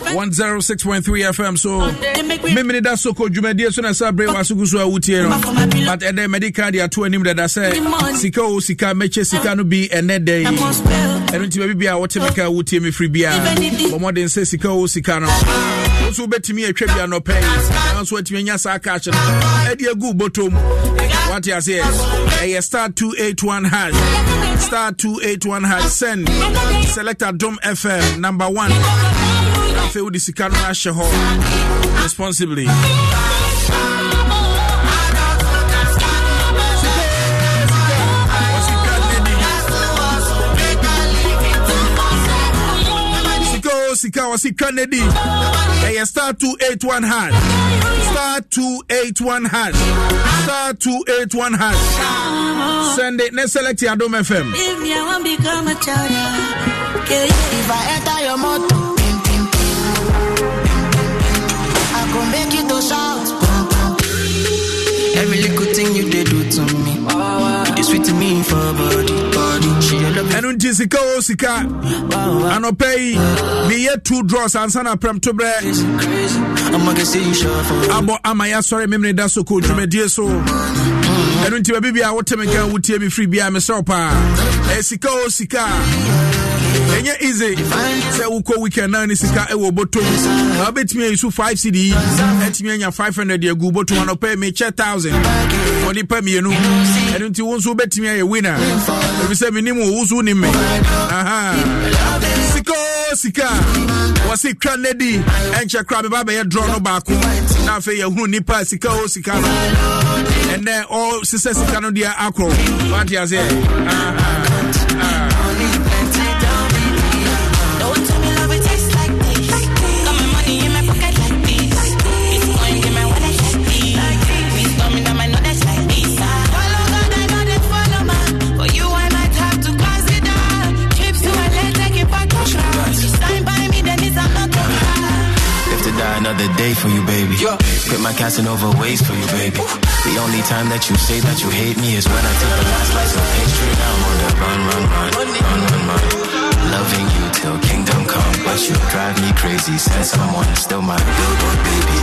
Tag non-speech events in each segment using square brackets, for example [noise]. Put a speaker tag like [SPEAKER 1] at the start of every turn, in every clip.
[SPEAKER 1] 106.3 FM. So, Mimini da soko dwumadie so na sabre bere wa sugu so awutie no. But ɛdɛ medical dia to anim dada sɛ sika o sika meche sika no bi ɛnɛ dɛ. Ɛno nti baabi bia wote meka awutie me firi bia. Bɔmɔden sɛ sika o sika no. Wo so wobɛtumi atwa bia no pɛn. Nanso atumi anya saa cash no. Ɛde agu bottom. Wate aseɛ. Ɛyɛ star 281 hash. Star 281 hash send. Select Dom FM number 1 afei wode sika no ahyɛ hɔ responsibly
[SPEAKER 2] sika wɔsi twa
[SPEAKER 1] ne di ɛyɛ star two eight one hash star two eight one hash star two eight one hash send it ne select yadom fm. if
[SPEAKER 3] if i enter your motor.
[SPEAKER 4] to me. You sweet to me for body, body.
[SPEAKER 1] ɛno nti osika, o sika pay. Me yet two draws ansa na prɛm to berɛ abɔ ama yɛasɔre memene da soko dwumadie so I want ɛno nti babibia woteme ka free, me I'm a paa ɛsika o osika ɛnyɛ easy sɛ wokɔ weekend na ne sika ɛwɔ bɔtɔm na wobɛtumi ayi so 5 cd yi atumi anya 500 agu bɔtɔm anɔpɛ mekyɛ 1000 fɔ pa mmienu ɛno nti wo nso wobɛtumi ayɛ wina ɛfiri sɛ menim wo wo so wonim me aha sika sika wɔse twa nɛ di ɛnkyɛ kora meba bɛyɛ drɔ no baako na afei yɛhunu nipa sika o sika no ɛnɛ ɔsesɛ sika no deɛ akorɔ wate
[SPEAKER 4] my Casanova ways for you, baby. The only time that you say that you hate me is when I take the last slice of pastry. Now I'm on the run, run, run, run, run, run. Loving you till kingdom come, but you drive me crazy. Send someone still my billboard, baby.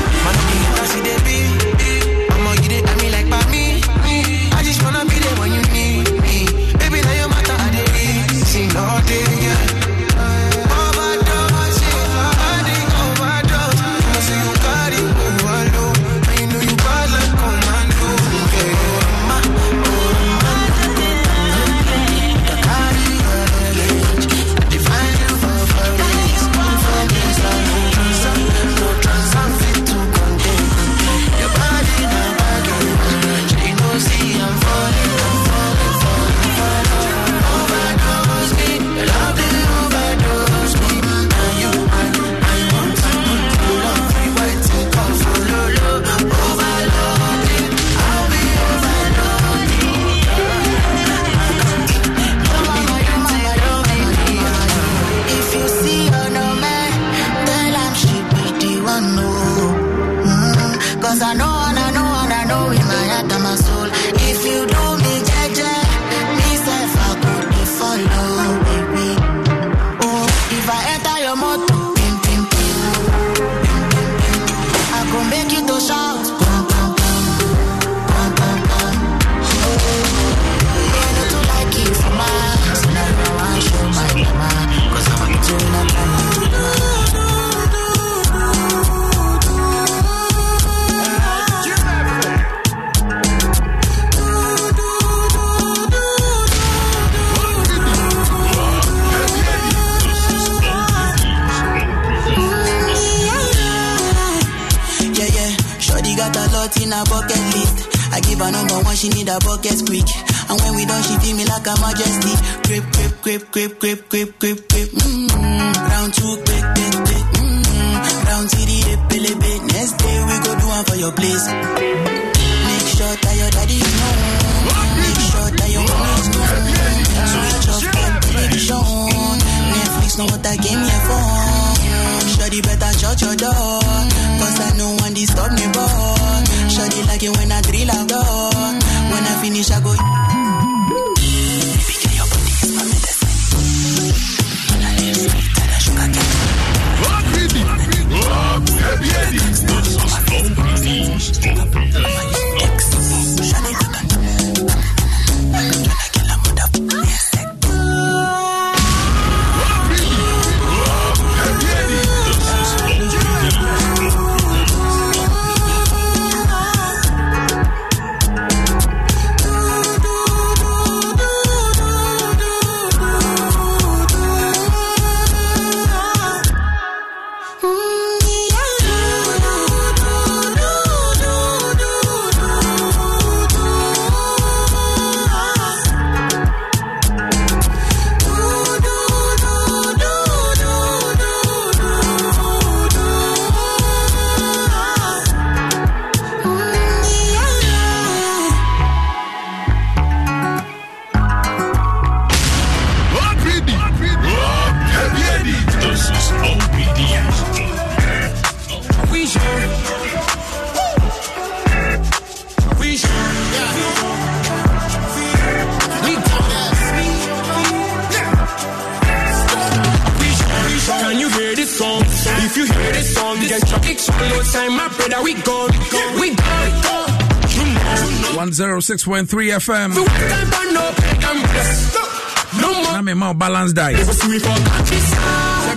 [SPEAKER 3] focus quick. And when we done, she feel me like a majesty. Grip, grip, grip, grip, grip, grip, grip, grip. Mm-hmm. Round two, quick, quick, quick. Mm-hmm. Round three, the pele bit. Next day we go do one for your place. Make sure that your daddy is known. Make sure that your mommy is known. Switch off that television. Netflix know what I came here for. Shoddy better shut your door. Cause I know when one disturb me, but Shoddy like it when I drill out door finish, I go.
[SPEAKER 1] 106.3 FM. na mema balance Let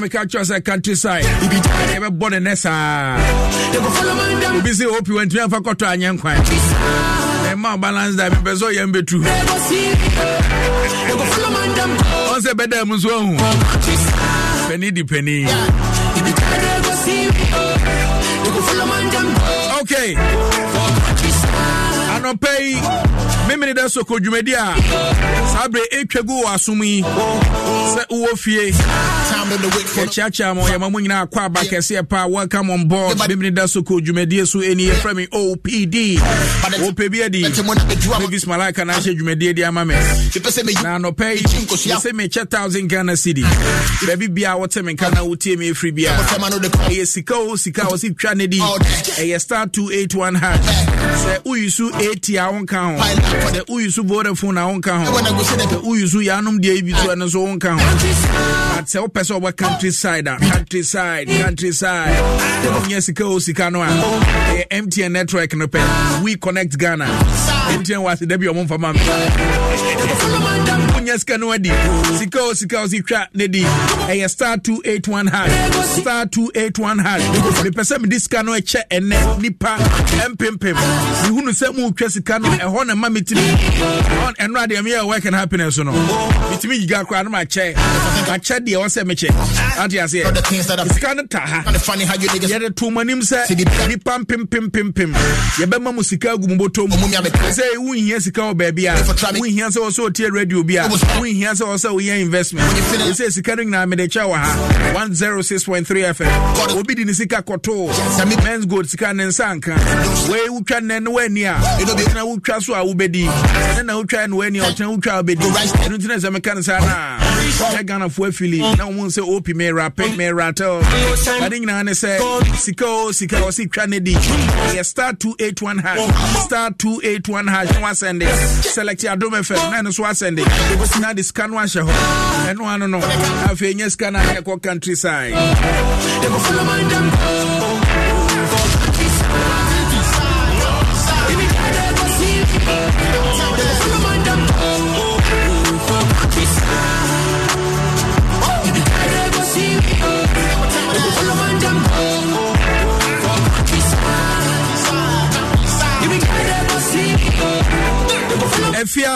[SPEAKER 1] me catch us at countryside yɛbɛbɔ ne nɛ saa obi sɛ opi wantumi amfa kɔtɔ anyɛ nkwan ɛma balance diet mepɛ sɛ ɔyɛ mbɛtu ɔn sɛ bɛda mu nso ahu pani di pani okay anɔpɛ yi memene dɛ soko dwumadi a saa berɛ ɛtwa gu wɔ asom yi sɛ wowɔ fie yɛkyeakyea ma yɛma mu nyinaa akɔ aba kɛseɛ paa welcome on board memene da soko dwumadie so ɛni yɛfrɛ me opd wopɛ bi adi mavis malaka na ahyɛ dwumadie de ama me na anɔpɛ yi sɛ mekyɛ 1000 ghana city baabi bia wote me nka na wotie me ɛfiri biaa ɛyɛ sika o sika a wɔse twa ne di oh, ɛyɛ star 281 hash sɛ woyi so at a wonka ho sɛ woyi vodafone a wonka ho sɛ woyi yɛanom deɛ bi ɛno nso wonka ho but sɛ wopɛ sɛ wobɛ countryside a countryside countryside wonya sika o sika no a ɛyɛ mtn network no pɛ we connect ghana mtn wɔ ase da bi ɔmo mfama me wonyɛ sika no adi sika o sika o si twa ne di ɛyɛ star two eight one hash star two eight one hash mepɛ sɛ mede sika no ɛkyɛ ɛnɛ nipa ɛmpempem mehunu sɛ muretwa sika no ɛhɔ na ma metumi ɛno adeɛ meyɛ work and happiness no metumi yiga koraa no makyɛ makyɛ deɛ ɛwɔ sɛ mekyɛ ante aseɛ sika no ta ha yɛde to mu anim sɛ nipa mpempempempem yɛbɛma mu sika agu mu bɔtɔ mu sɛ wohia sika wɔ baabi a wohia sɛ wɔ sɛ ɔtie radio bi a wohia sɛ also we woyɛ investment ɛ sɛ sika no nyinaa mede ha 106.3 fm obi de the sika kɔtoo mens gold sika ne nsa nka wei wotwa nnɛ ne woani a ɛna wotwa so a wobɛdi ɛne na wotwaɛ ne woani a ɔkyena wotwa a wobɛdi ɛno nti na sɛ meka ne saa naa sɛ ghanafoɔ afili na ɔmo sɛ opi mɛrapɛ mɛratɛ ade nyinaa ne sɛ sika o oh, sika ɔse oh, twa ne di yɛ 281 hash Start 281 hash one wasɛnde select adom fm na one so asɛnde na de sika no one. hɔ ɛno one, no afei nyɛ sika no a the countryside afia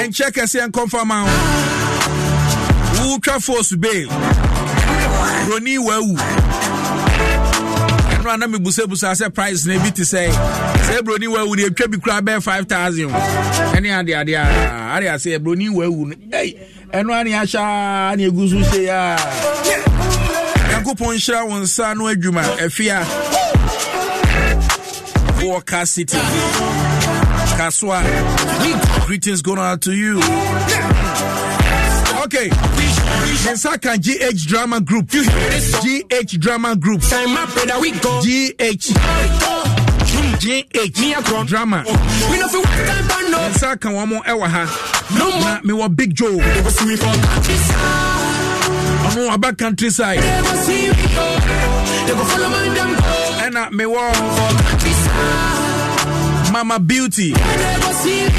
[SPEAKER 1] ɛnkyɛ kɛseɛ nkɔmfama ho wotwa force bay broni wawu ɛno a na mebusabusa sɛ price na bi te sɛ sɛ broni wawu ne ɛtwa bi koraa bɛyɛ 5000 ɛne adeadeɛ a ade asɛ broni wawu no ei ɛno a ne ahyɛ ne ɛgu so hyei a nyankopɔn nhyira wo nsa no adwuma afia wɔka city That's why Greetings going out to you. Okay. Mensaka GH Drama Group. GH Drama Group. GH. GH Drama. Mensaka wamo ewa ha. Na miwa Big Joe. Amo aba countryside. Ena miwa. Countryside. Mama Beauty.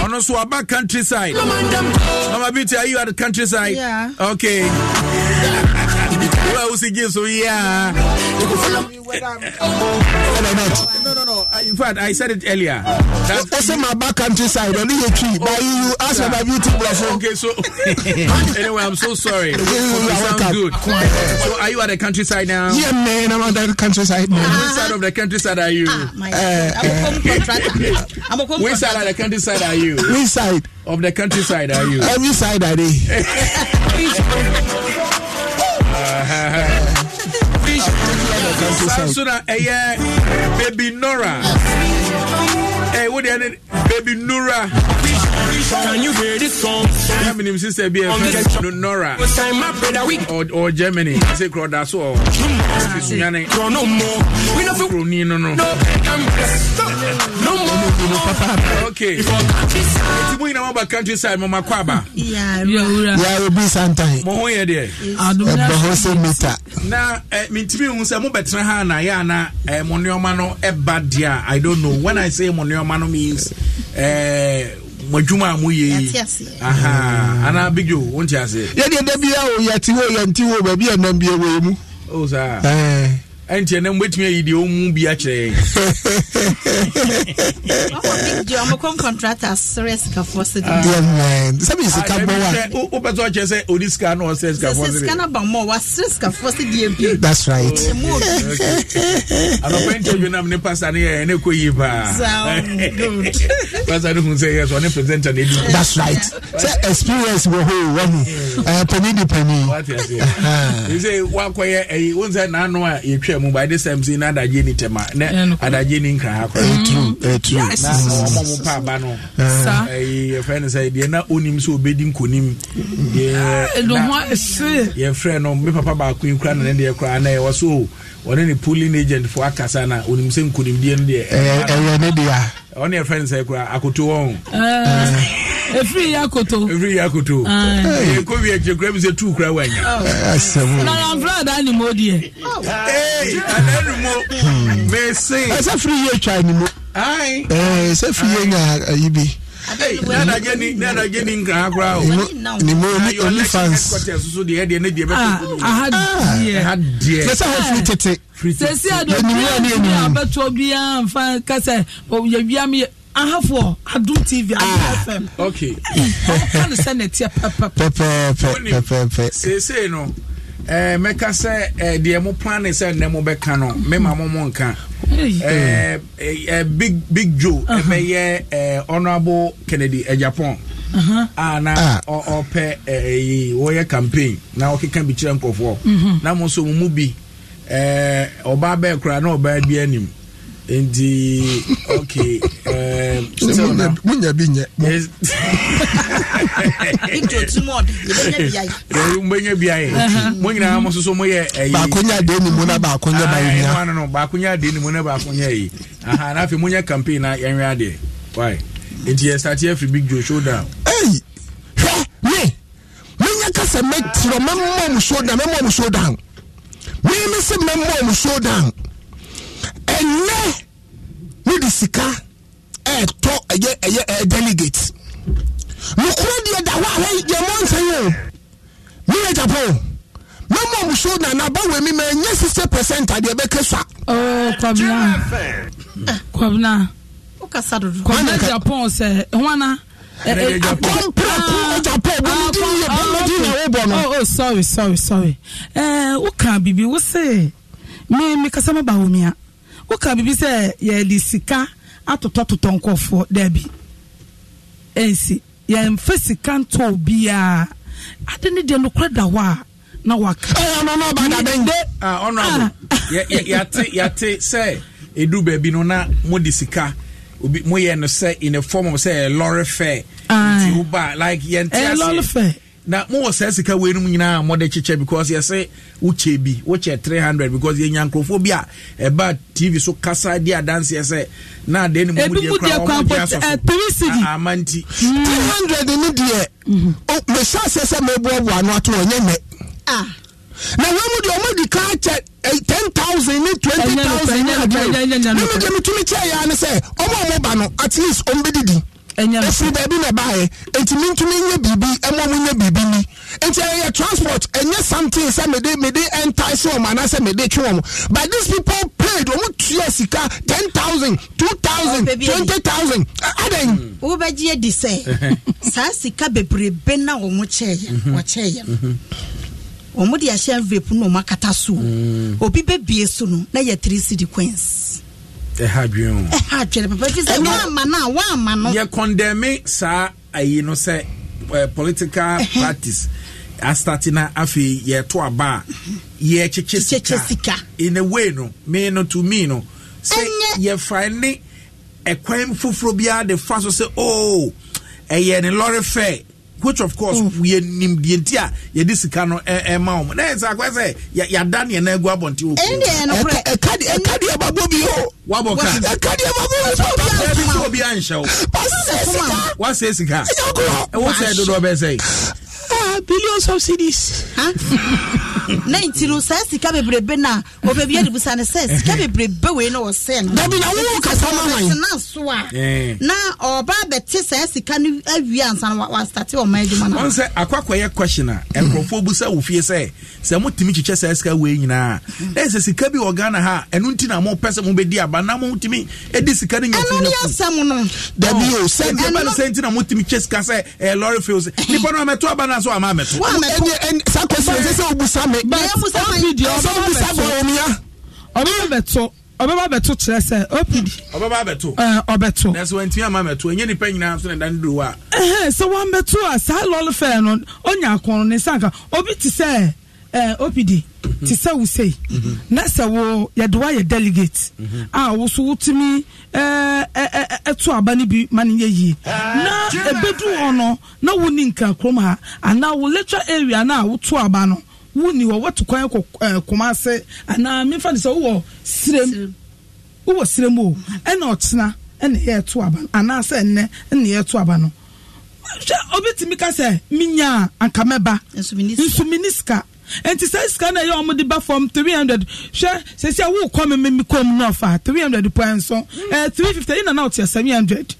[SPEAKER 1] On also about countryside. Mama Beauty, are you at the countryside? Yeah. Okay so yeah. No, no, no. Uh, in fact, I said it earlier. That's
[SPEAKER 2] also my back countryside. When a tree. But you ask about beauty blessing. Okay,
[SPEAKER 1] so [laughs] anyway, I'm so sorry. You sound good. So are you at the countryside now? Yeah,
[SPEAKER 2] man. I'm at the countryside now. Which
[SPEAKER 1] side of the countryside are you? Ah, my I'm a I'm a Which side of the countryside are you? Which side of the countryside are you? Every
[SPEAKER 2] side are they?
[SPEAKER 1] [laughs] [laughs] Samsuna eh, ɛyɛ baby Nora. Hey, eh, what the baby Nora? Can you hear this song? I mean, him sister be a friend Nora or, or Germany. I say crowd that's all. Mm. no more. We don't feel no no no. bi no papaapa. okay eti mu nyinaa ba countryside mo ma kɔ aba.
[SPEAKER 2] yàrá bi santan. mo ho yɛ deɛ. ɛbɛ hɔ sɛ mita.
[SPEAKER 1] na ɛ eh, mintimi hun sɛ mo bɛ tena na yɛ ana ɛ i don't know when i say mo nneɛma no means ɛɛ. Uh, mo ana big o wonte ase.
[SPEAKER 2] yɛ o yɛ ti wo yɛ nti wo baabi yɛ mu
[SPEAKER 1] ɛnti ɛnɛ mobɛtumi ayi deɛ ɔmu bi akyerɛ yɛnwopɛ
[SPEAKER 3] ah,
[SPEAKER 1] sɛ ɔkyerɛ sɛ ɔde sika na ɔsɛ sikafoɔanɔpa nam ne pasa ne yɛɛ ne ɛkɔ yie paa [laughs] pasa no hu sɛ yɛ ɔne presenter no ɛdu that's
[SPEAKER 2] right experience wɔ hɔ wani
[SPEAKER 1] woakɔyɛ wo sɛ naano a yɛtwɛ yɛ mu by this time say na adagye ni tɛma na adagye ni nkran ha kora. ɛtru na ɔmɔ mu pa aba no. ɛyi yɛfrɛ no sɛ deɛ na onim sɛ obedi nkonim. Ah,
[SPEAKER 4] yɛfrɛ
[SPEAKER 1] no me papa baako yi kura na ne deɛ kura na yɛwɔ so ɔne ne polling agent fo akasa na onim sɛ nkonimdie no deɛ. ɛyɛ ne deɛ. ɔne yɛfrɛ no sɛ kura akoto wɔn efiri ya koto. efiri ya koto. ee kobi ɛkyɛ kura mi sɛ tuu kura wa nya.
[SPEAKER 2] nanamfra da ni mo deɛ. ee ana ni mo. mɛ se. ɛsɛ firi yɛ twa ni mo. ayi. ɛɛ sɛ firi yɛ nya yi bi.
[SPEAKER 4] sɛsi adɔfiri abɛtoɔ biaa mfa kasɛ yɛwiam ahafoɔ adum tv adum fm okay ɔka no sɛ ne teɛ
[SPEAKER 2] pɛpɛpɛpɛpɛpɛ
[SPEAKER 1] seesei no ɛɛ mɛka sɛ ɛɛ deɛ mo plan ne sɛ nnɛ mo bɛka no mɛma mo mo nka ɛɛ ɛɛ big big joe ɛbɛyɛ ɛɛ honourable kennedy ɛjapan a na ɔpɛ ɛɛ wɔyɛ campaign na ɔkeka bi kyerɛ nkɔfoɔ na mo nso mo mu bi ɛɛ ɔbaa bɛɛ koraa na ɔbaa bi anim nti okay munya um, [laughs] bi nyɛ mbɛnya biaɛ mo nyinaa [laughs] [laughs] uh-huh. mo soso moyɛ eh, baako nyɛ ade ne mu na baako ah, eh, nyɛ baɛnyano baako nyɛ ade ne mu na baako nyɛ yi aha na afei monyɛ campaign na yɛnwe adeɛ why nti yɛstate eh, afiri big joe showdown ei hwɛ
[SPEAKER 2] me menya ka sɛ mɛtirɛ mɛmmɔ mu showdown mɛmmɔ mu showdown me ne sɛ mɛmmɔ mu showdown ɛnɛ ne de sika ɛɛtɔ ɛyɛ ɛyɛ ɛyɛ delegate nukuro deɛ da hɔ a wɔn yɛ nsɛn o mi yɛ japan mɛmɔ muso na naba mi ma ɛnyɛ sixty percent adeɛ bɛkɛ sa. ɔɔ kɔbina kɔbina kasa dodo.
[SPEAKER 4] sɛ hwana. oh sorry sorry sorry ɛɛ o kan bibi o se Me, me, kasa ma ba wo mi woka biribi sɛ yɛde sika atotɔtotɔ nkɔfoɔ daabi ɛnsi yɛmfa sika ntɔ obiara ade ne deɛ nokora da hɔ a na waka. ɛyà ọ̀nà ọ̀nà ọba dada nde. ọ̀nà
[SPEAKER 1] yàtẹ yàtẹ sẹ edu baabi no na mo sika obi mo yẹ no sẹ in a form of sẹ lorry fare. nti like yẹn ti ase na mowɔ saa sika weinom nyinaa mɔde kyekyɛ because yɛse wokyɛ bi wokyɛ 300 because yɛnya nkurɔfoɔ bi a ɛba tv so kasa di adanseɛ sɛ na adeɛ ne mumudeɛkraɔmdeɛsɔsoma
[SPEAKER 2] eh, ah, nti 300 mm. ne deɛ mhm. mehyɛ aseɛ sɛ meboaboa no ato ɔnyɛ nɛ ah. na wɔn mu deɛ wɔn di kaa kyɛ eh, ten thousand ne twenty thousand ne adeɛ ne mu deɛ metumi kyɛ yɛ ane sɛ wɔn a no at least wɔn ɛfiri baabi na baayɛ nti mi ntumi nye biribi ɛmo mo nye biribi ni nti ɛyɛ transport ɛnyɛ something sɛ mede mede ɛntaase wɔn anaasɛ mede twe wɔn but these people paid wɔn tuya sika ten thousand two thousand oh, twenty thousand
[SPEAKER 3] adan. [laughs] wo bɛ gye di
[SPEAKER 2] sɛ
[SPEAKER 3] [laughs] saa sika bebrebe na wɔn kyɛɛ mhm. wɔkyɛɛ yɛ mhm. wɔn de ahyɛ envelope na wɔn akata so mm. obi bɛ bie so no na yɛ three city coins
[SPEAKER 1] ɛha dwen ɛha
[SPEAKER 3] dwene papa fi sɛ woama no a woama
[SPEAKER 1] no yɛkɔndɛme saa ayi no sɛ political parties astate na afei yɛto aba a yɛkyekye sika in a way no me no to me no sɛ yɛfa ne ɛkwan foforɔ biara de fa so sɛ o oh, ɛyɛ ne lɔre fɛ which of course yɛnim deɛ nti a yɛde sika no ɛma wɔn na ɛsɛ akɔ sɛ yɛada neɛ na agu abɔnten okuo ɛka deɛ babɔ bi o wabɔ ka ɛka deɛ babɔ bi sɛ obi anhyɛ bi sɛ obi anhyɛ o
[SPEAKER 2] wasɛ sika
[SPEAKER 1] wasɛ sika ɛwɔ sɛ dodoɔ bɛ sɛ
[SPEAKER 2] are billions
[SPEAKER 3] of cities. [laughs] na nti no saa sika bebrebe na obɛbi adebusa no sɛ sika bebrebe wei na ɔsɛ no dabi na wowɔ kasa ma ma so a na ɔba bɛte saa sika no awie ansa no wastate ɔma adwuma no ɔn
[SPEAKER 1] sɛ akwakɔyɛ question a nkurɔfoɔ bu sɛ wo fie sɛ sɛ motumi kyekyɛ saa sika wei nyinaa mhm. na ɛsɛ sika bi wɔ ghana ha ɛno nti na mopɛ sɛ mobɛdi aba na motumi ɛdi sika no nyɛsɛm no dabi o sɛ ɛbɛno sɛ nti na motumi kyɛ sika sɛ ɛyɛ lɔre feo sɛ nnipa no amɛto aba no so ama maa mi to. wọn ẹni sakosi ẹsẹ sẹ
[SPEAKER 4] obusa mi.
[SPEAKER 2] bẹẹ musa mi di
[SPEAKER 4] ọbẹ bá bẹ to ọbẹ bá bẹ to ọbẹ bá bẹ to kyerẹ sẹ opd. ọbẹ bá bẹ to. ẹ ọbẹ to. na sọ ntí àmà bẹ
[SPEAKER 1] to ẹnyẹ nípa nyinaa sọ nìdan dúró wa.
[SPEAKER 4] sọ wọn bẹ to a sáà lọlọfẹ no ó nyà kàn ní sànkà obi ti sẹ opd. Ti sɛ wo sei na sɛ wo delegate a wo so wotumi aba no ma no yɛ yie na ɛbɛdu hɔ no na woni nka ha anaa wo area no a woto aba no woni hɔ woto kwan kɔ kɔma ase anaa memfa no sɛ wowɔ wowɔ o ɛna ɛna aba aba no ka sɛ Nsuminisika. nti sɛ sika na ɛyɛ ɔmo de ba fam three hundred hwɛ sɛsi awo kɔ mi mi kɔ mu n'afa three hundred pɔn so mm. ɛɛ three fifty ɛyina na ɔte seven hundred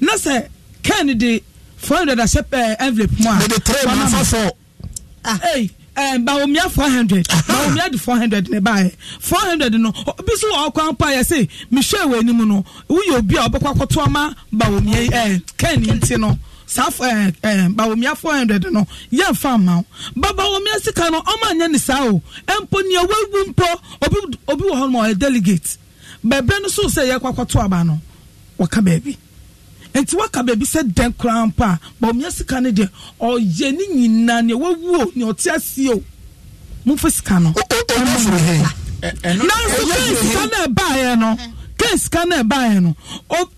[SPEAKER 4] na sɛ kɛn de four hundred ahyɛ ɛɛ envelope mu a ɔnam ɔnam ah. ɛɛ ɛɛ bawomia four hundred ah. bawomia de four hundred ne ba yɛ four hundred no bi so wɔ ɔkwan pa yɛ sɛ mihwɛ wɔ anim no woyɛ obi a ɔbɛkɔ akɔtɔ ɔma bawomia ɛɛ kɛn ti no. saa ɛɛ ɛɛ bawomia four hundred no yɛn fa ama wo babawomia sika no ɔmo anya ne o mpo nea mpo obi obi wɔ hɔ no ɔyɛ delegate bɛɛbɛ so sɛ yɛkɔ akɔto aba waka baabi sɛ dɛn koraa mpo a bawomia sika no o nea ɔte asie o mo fo case ka na ɛbaeɛ no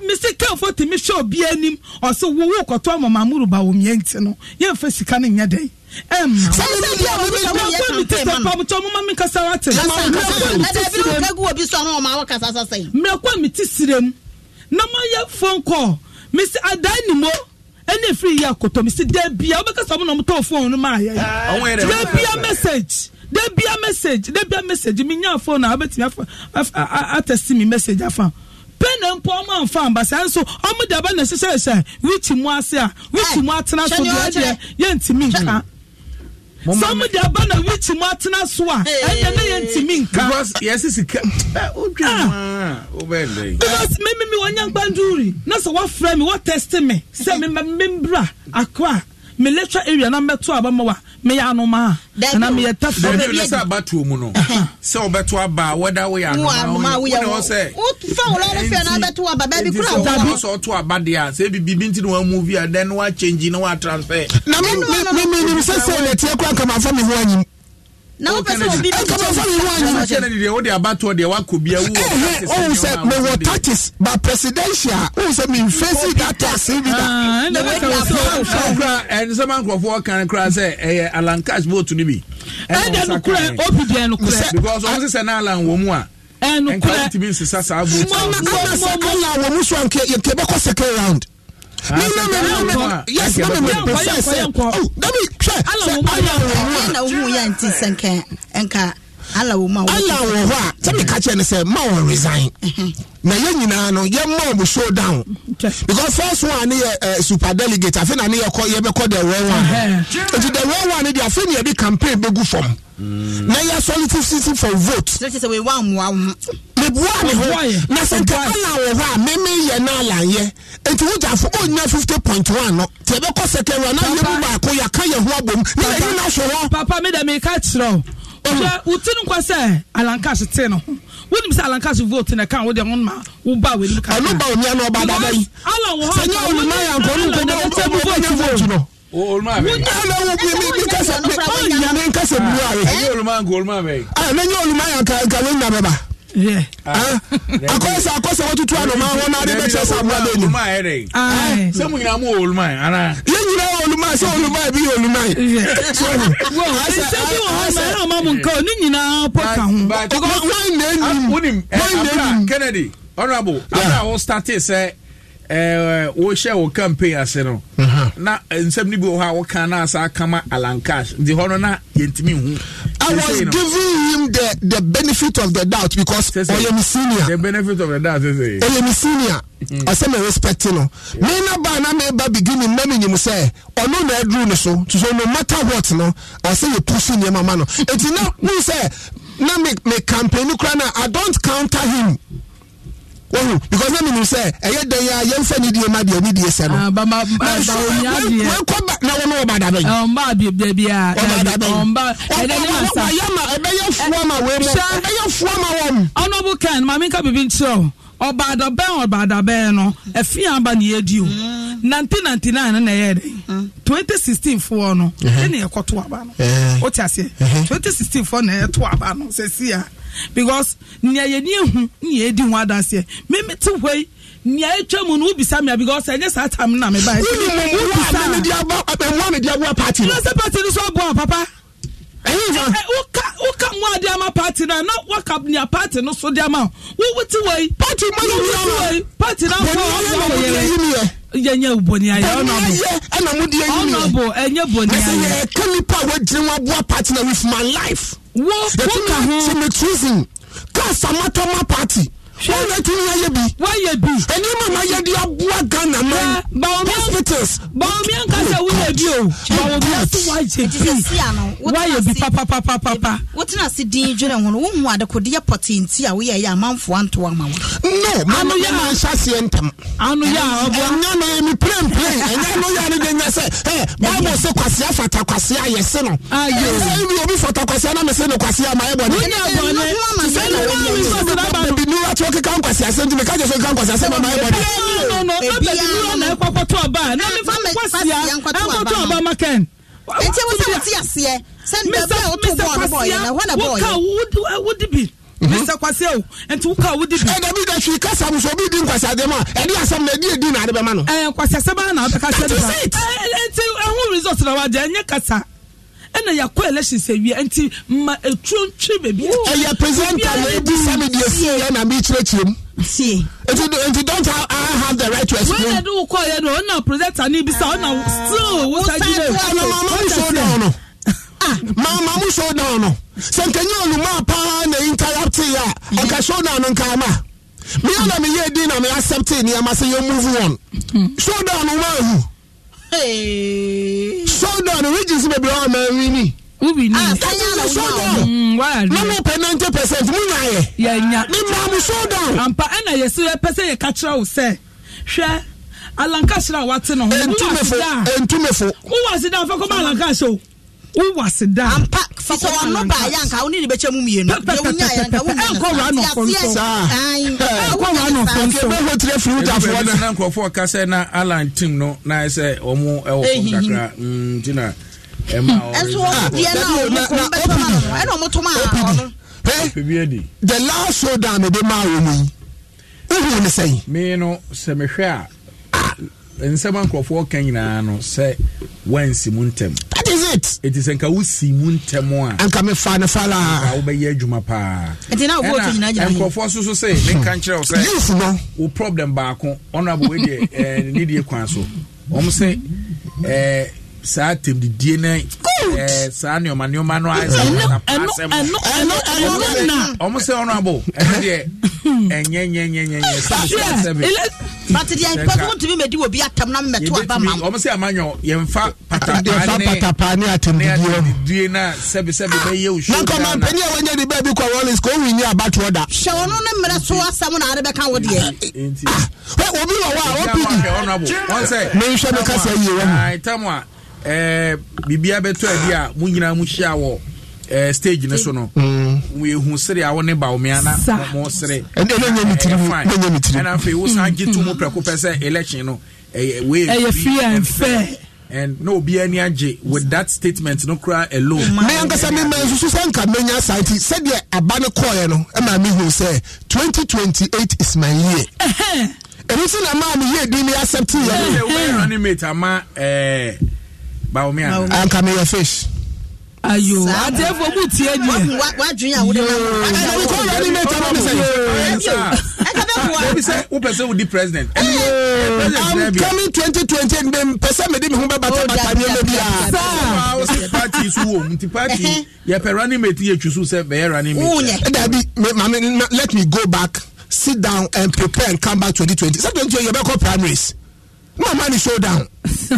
[SPEAKER 4] mese kalfo tumi hwɛ obi anim ɔse wowo kɔtɔ mɔma moruba wɔ miɛ nti no yɛmfa sika no nyɛ dɛn mmerɛkɔ a mete serem na moyɛ phone call mese adae nimo ɛne ɛfiri yɛ akɔtɔ mese da bia mo na motɔɔ phone no maayɛ da message debia message debia message mi nya phone na abetumi afa atɛsi mi message afa pɛnɛ mpo ɔmo anfa ambasa nso ɔmo de aba na hyehyɛhyɛ wiki mu ase a wiki mu atena so deɛ deɛ yɛntumi nka sọmu de aba na wiki mu atena so a ɛnyɛ ne yɛntumi nka. because yɛsi sika ɛ o dwe mu aa
[SPEAKER 1] o bɛ lɛ.
[SPEAKER 4] because mímí mi wọ́n nyɛ gbanduri na sɛ wafrɛ mi wɔ test mi sɛ mi mbra akora mi lecture area na mbɛto abamawa meyɛ anoma ana meyɛ tafsɛ
[SPEAKER 1] abatoɔ mu no
[SPEAKER 4] sɛ wobɛto aba wada
[SPEAKER 1] woyɛ anomawoyɛ sɛ
[SPEAKER 4] ɔto
[SPEAKER 1] aba deɛ a sɛ bibibi nti ne wamuvi a dɛn no woakyɛngyi na woatransfer na
[SPEAKER 3] menim sɛ sɛ nɛteɛ
[SPEAKER 1] kora nkamafa me ho anyim
[SPEAKER 3] na oh, wopɛ sɛ obi bɛkɔfɔwowanyinadeɛ
[SPEAKER 1] wode abatoɔ deɛ woakɔ bia wowohu sɛ mewɔ tatis ba presidential wohu sɛ memfesi datase bi da ɛnsɛma nkurɔfoɔ kan koraa sɛ ɛyɛ alancash vote no bi ɛdɛ nokorɛ opidiɛ nokorɛ because ɔmo sɛ sɛ na alan wɔ mu a ɛnokorɛ ɛnka wotumi nsesa saa vote ala wɔ mu so
[SPEAKER 2] round Ah, yes oh, na mi
[SPEAKER 3] ala wɔ hɔ a sɛ
[SPEAKER 2] meka kyerɛ no sɛ ma wɔn resign na yɛn nyinaa no yɛn ma wɔn show down because first one ne yɛ eh, super delegate afei na ne yɛ kɔ yɛbɛkɔ the real one nti the real one de afei ne yɛ de campaign bɛgu fam mm. na yɛ sɔli fifty for vote. sɛ sɛ wei wa mua meboa me ho na sɛ nka ala wɔ hɔ a meme yɛ na ala nyɛ nti wogya fo ɔnya fifty point one no nti yɛbɛkɔ sɛkɛrɛ na yɛ mu baako yɛaka yɛ ho abom ne yɛ
[SPEAKER 4] yi na so hɔ. papa mi dɛ mi ka kyerɛ sɛ wote no nkwa sɛ alankas te no ho wonim sɛ alankas vote na ka wode ho ma woba w'anim ka ɛno ba onua no ɔba daba yi sɛnyɛ
[SPEAKER 1] olumayɛ anka ɔno nkɔnyɛ wotɛ mu vote vote no ɔnyame nkasa bua ye ɛnyɛ olumayɛ anka olumayɛ anka wonya bɛba akɔsɛ akɔsɛ wɔtutu anoma wɔn adi bɛ kyerɛ sáà bulabe ni. sẹ́mu yìí amu olùmọ̀ yìí ara. yé
[SPEAKER 2] nyina olùmọ̀ sẹ́ olùmọ̀
[SPEAKER 1] yìí bi olùmọ̀ yìí. sẹ́bi wọ̀ hɔ sẹ́yìn ọmọ mu nǹkan ọ̀nù
[SPEAKER 4] nyinaa pọ̀ ka ho. wọ́n ní ẹ̀yìn
[SPEAKER 1] wọ́n ní ẹ̀yìn. kennedy honourable abúlé àwọn start sẹ́. Eh, wohyɛ wo campaign ase no na eh, nsɛm no bi wɔ hɔ a woka asa akama alan cash nti hɔ no na yɛntumi hu I was giving him the, the benefit of the doubt because ɔyɛ me
[SPEAKER 2] senior. The benefit
[SPEAKER 1] of the doubt me senior.
[SPEAKER 2] ɛsɛ mm-hmm. respect no. Me na ba na me ba beginning na me nyim sɛ ɔno na ɛduru ne so so no matter what no ɔsɛ pusu push nneɛma ma no. Eti na n na me campaign kura na I don't counter him. wohu because na minim sɛ ɛyɛ dɛn a yɛmfa ne die ma deɛ obi die sɛ no na wɔno wɔba dabɛnɛbɛyɛ foa
[SPEAKER 4] ma wɛbɛyɛ
[SPEAKER 2] foa ma wɔm
[SPEAKER 4] ɔnɔbo kan ma menka biribi nkyerɛ o ɔbaadabɛn ɔbaadabɛn no ɛfi aba ne yɛdi o mm. nineteen ninety nine na ɛyɛ dɛ twenty sixteen foɔ no ɛna ɛkɔto aba no wote eh. aseɛ eh. uh-huh. twenty sixteen foɔ na ɛyɛ to aba no sɛ si a because nea yɛni ehu nea edi ho adanseɛ mímí ti hɔ yi nea etwa mu no mia because ɛnyɛ saa na mi ba yi. wúni mu mu wá mi di abọ́ mu wá mi di pati. papa. ɛyin mu na na wọ́ka nea pati no so di ama wọ́wọ́ ti wọ̀ yi. pati mu na fọ ọ̀sán wọ̀ yẹrẹ yẹnyẹ bọni ayẹ
[SPEAKER 2] with my life. wɔkahotimitrison ka samatama party wọn tún yà yẹ bi. wọ́n yẹ bi. ẹni mọ̀ máa yẹ di abúlé oh ghana oh
[SPEAKER 4] man. báwo mi hospitals. báwo mi ànká sẹ wọ́n yẹ bi o. báwo mi àti wọ́n yẹ bi.
[SPEAKER 3] wọ́n yẹ
[SPEAKER 2] bi papapapapa.
[SPEAKER 3] wọ́n tún àti dín ìdúrà wọn wọ́n hun àdàkọ̀díyẹ pọ̀tì ntí àwọn yẹ yẹ àmàǹfọ̀ àǹtọ̀ àmà wọn.
[SPEAKER 2] no anu yẹ maa n ṣàṣeyẹ ntẹm. anu yẹ àwọn. ẹ̀yán ni èmi pèrè pèrè ẹ̀yán ni ó yà ni dé sɛ ɛ báwo sɛ kwasi afata kwasi ayɛ se no ɛsɛ mi obi fata kwasi anam se no kwasi ama ɛbɔ ne ebi ni wati okeka nkwasi ase ntumi kajɛ so keka nkwasi ase mama ɛbɔ ne. ebi ya na ɛkɔkɔtɔ ɔba na nifa kwasi a ɛkɔtɔ ɔba makɛn.
[SPEAKER 4] nti ewu sɛ wote aseɛ sɛ ndɛ bɛɛ o to bɔɔl bɔɔl yɛn na hɔn na bɔɔl yɛn mr mhm. kwasi o nti wo ka di bi. ẹ dẹbi dẹ fi kasa muso obi di nkwasi adi ma ẹdi asam na ẹdi edi na adi bẹ ma no. ẹ eh, nkwasi asaba na ọbẹ kasa di ẹ nti ẹhun result na wa jẹ ẹ nye kasa ɛna yɛakɔ elections awie nti ma ɛtuo ntwe baabi ɛyɛ presenter na ɛdi sɛme deɛ sieɛ na mekyerɛkyerɛ mu nti nti don't I, I have the right to explain. wẹ́n ẹ̀dínwó kọ́ ọ̀yẹ́ ni ọ̀nà presenter ní ibi sá ọ̀nà still wọ́n ṣáájú rẹ̀. ọ̀nà màmá ìṣòro náà
[SPEAKER 2] ah maama mu showdown no sɛ nkanyi oluma paa na interrupte yi a ɛka showdown no nkaama me ana me yɛ din na me accept nneɛma sɛ yɛ move on showdown no maahu showdown regions bebree wa maa wi ni akanyala ah, showdown mm, na mo pɛ ninety percent mu nya
[SPEAKER 4] Mi me maa mu showdown. ampa ɛna yɛ si pɛ sɛ yɛ ka kyerɛ o sɛ hwɛ alankasira wa te na ho. si da afɔ kɔma wowɔ aseda sɛ ba yɛnka wo ne ne bɛkyɛ mu
[SPEAKER 3] mmienukɔwanɔfɔnsɔbɛhɔtirɛ firi wotafoɔ no na
[SPEAKER 1] nkurɔfoɔ ka sɛ na alan tim no na sɛ ɔmo ɛwɔ kakra mm, nti na ɛmaɛnɔmotoma the last showdown mede maa wɔ mu yi wohu ne sɛi me no sɛ mehwɛ a nsɛm a nkurɔfoɔ ka nyinaa no sɛ wansi mu ntɛm that is it ɛti sɛ nka wosi mu ntɛm a anka mefa no fa laa wobɛyɛ adwuma paa nkurɔfoɔ so so sɛ menka nkyerɛ wo sɛ youth no wo problem baako ɔnabo wedeɛ [laughs] eh, ne die kwan so ɔm sɛ eh, saa tɛmdidie ne eh, saa nneɔma nneɔma no aɛsɛm ɔm sɛ ɔnabo ɛno deɛ ɛnyɛnyɛnyɛnyɛnyɛ [laughs] sɛ but deɛ mpɛsum tumi mɛdi wɔ bi atam na mmɛto aba ma ɔmo sɛ amanyɔ yɛmfa patapa
[SPEAKER 2] ne atɛmdidiɛ
[SPEAKER 1] na sɛbisɛbi bɛyɛ na nkɔma mpani a
[SPEAKER 2] wɔnyɛ de baabi kɔ rollins kɔ owi nyɛ abatoɔ da
[SPEAKER 3] na ade bɛka wo deɛ obi wɔ hɔ a
[SPEAKER 1] opidi menhwɛ me kasa yie wɔ ho biribiara bɛtɔ adi a mo nyinaa mo wɔ uh, stage ne so no yɛhu mm. mm. sere a ne ba wo mea mo sere ɛna afei wo mm. gye to mu prɛko pɛ election no ɛyɛ free and fair and no obiara ni agye with that statement no kura alone. mi ankasa mi ma nsusu
[SPEAKER 2] sɛ nka menya saiti sɛdeɛ aba ne kɔɔɛ no ɛna mi hu sɛ twenty twenty eight is my year. èmi sì na maa mi yé di mi accept yẹn.
[SPEAKER 1] ɛɛ wẹ́n running mate ama ɛɛ eh, bawumia. anka mi yɛ fish
[SPEAKER 3] ayo ati efo mu tie die. wàdùn yà wọlé náà. ẹni kọ́ ló ní mẹ́ta ló ní
[SPEAKER 1] sẹ́yìn. ẹbí sẹ́ wọ́n pẹ̀sẹ̀ wò di president. i'm coming
[SPEAKER 2] twenty twenty ndé pẹ̀sẹ̀ mi di mi hu bẹ́ẹ̀ bàtà bàtà ní ẹlẹ́bi yà. sáà o sì pàtì sùn wò mu ti pàtì yẹ pẹ̀ running mate yẹ
[SPEAKER 1] tùsù sẹ bẹ̀yẹ
[SPEAKER 2] running mate. ẹ dàbí maami let me go back sit down and prepare and come back twenty twenty sẹ́ twenty twenty yẹ bẹ́ẹ̀ kọ́ primaries my money show down. [laughs]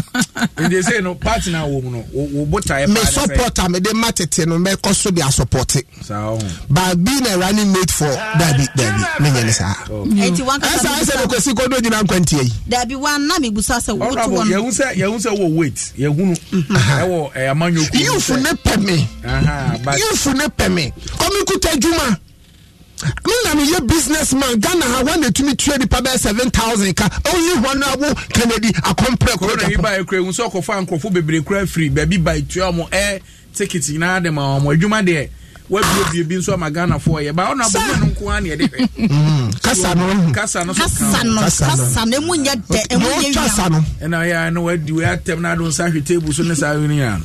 [SPEAKER 1] they say no partner wo mu no wo bo ta e me support
[SPEAKER 2] am de ma tete no me ko so be support it so oh. but being a running mate for dabi dabi me nyane sa enti wan ka sa se ko si ko do nyina nkwantie yi
[SPEAKER 3] dabi wan na me busa se wo to won yehun
[SPEAKER 1] se yehun se wo wait yehun no. Mm-hmm. Eh, wo e amanyoku you fu ne
[SPEAKER 2] pɛ me aha but you fu ne pɛ me komi kuta juma no yɛ business man ghana ha wɔn na etumi tua nipa bɛyɛ seven thousand ka only one abo
[SPEAKER 1] kennedy akɔmpere kɔrɔ japan. kɔrɔ na yi ba ekura ehun sɛ ɔkɔfa nkɔfo bebree kura firi baabi ba etua ɔmo ɛɛ tikiti nyinaa de ma ɔmo adwuma deɛ wabuebue bi nso ama ghana foɔ yɛ ba ɔna abɔmɔ no nko ani ɛde hwɛ. Mm, kasa no kasa no kasa no kasa
[SPEAKER 3] no emu nyɛ dɛ emu nyɛ wia
[SPEAKER 1] ɛna ɔyɛ ano wadi wia tɛm na ado nsa ahwɛ teebu so ne saa yɛ ne yɛ ano.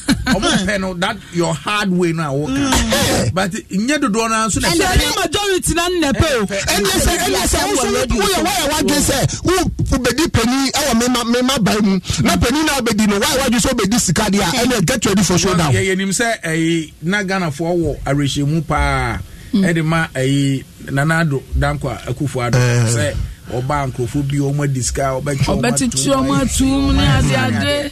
[SPEAKER 1] ɔmo pɛ no that your hard way no a wɔka mm. but nye dodoɔ no nso na pɛ
[SPEAKER 2] ɛnna ɛnna majority na nnɛ pɛ o ɛnna sɛ ɛnna sɛ wosɛ woyɛ wɔyɛ wadwe sɛ wo bɛdi panyin ɛwɔ mɛma mɛma ban mu na panyin na ɔbɛdi no wɔyɛ wadwe sɛ ɔbɛdi sika deɛ ɛnna hmm. get ready for showdown. yɛ
[SPEAKER 1] yɛ nim sɛ ɛyi eh, na ghanafoɔ wɔ awerɛhyɛmu paa ɛde hmm. eh, ma ɛyi eh, nanado danko akufo ado sɛ ɔbaa nkurɔfoɔ bi wɔn adi sika ɔbɛtwi wɔn atu wɔn atu
[SPEAKER 4] ne ade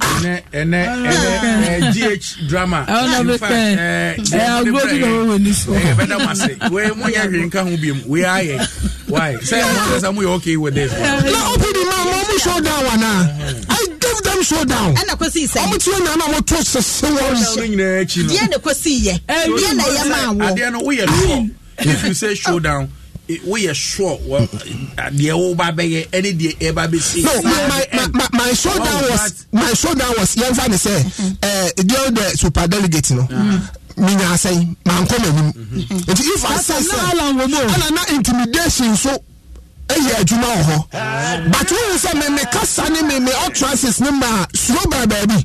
[SPEAKER 1] ɛnɛ ɛnɛ ɛnɛ gh drama ɛbɛda mo ase wei monyɛ hwee nka ho biom wei ayɛ why sɛ sɛ sɛ moyɛ okay with this na
[SPEAKER 2] opidi ma ma ɔmo show down anaa ah. uh-huh. i give them show down ɛna kɔsi sɛ ɔmo tiɛ nyina na ɔmo to sese wɔn se
[SPEAKER 1] deɛ
[SPEAKER 3] na kɔsi yɛ maa wɔ adeɛ no woyɛ no
[SPEAKER 1] if you say show down woyɛ sure deɛ woba bɛyɛ ɛne deɛ ɛba bɛsi no my, my, my, my showdown oh, was
[SPEAKER 2] my showdown was yɛmfa ne sɛ ɛɛ mhm. eh, deɛ the super delegate no menya asɛn mankɔ m'anim mhm. nti if i say sɛ ɛna na intimidation so ɛyɛ adwuma wɔ hɔ ah. but wohu sɛ meme kasa ne meme utterances ne ma suro baa baabi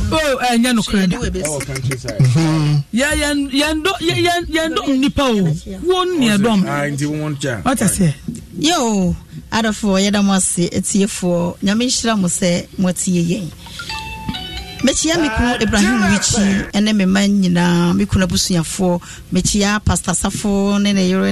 [SPEAKER 2] o oh, ɛnyɛ eh, nokorɛ oh, hmm.
[SPEAKER 4] yɛndɔm nnipa o wo nneɛ dɔm ɔtɛ sɛ
[SPEAKER 3] yɛo adɔfoɔ yɛda mo ase atiefoɔ nyame nhyira mo sɛ moatie yɛn mekyia me kunu ibrahim wikyi ne me ma nyinaa me kunu abusuafoɔ mekyia pastor safo ne ne yere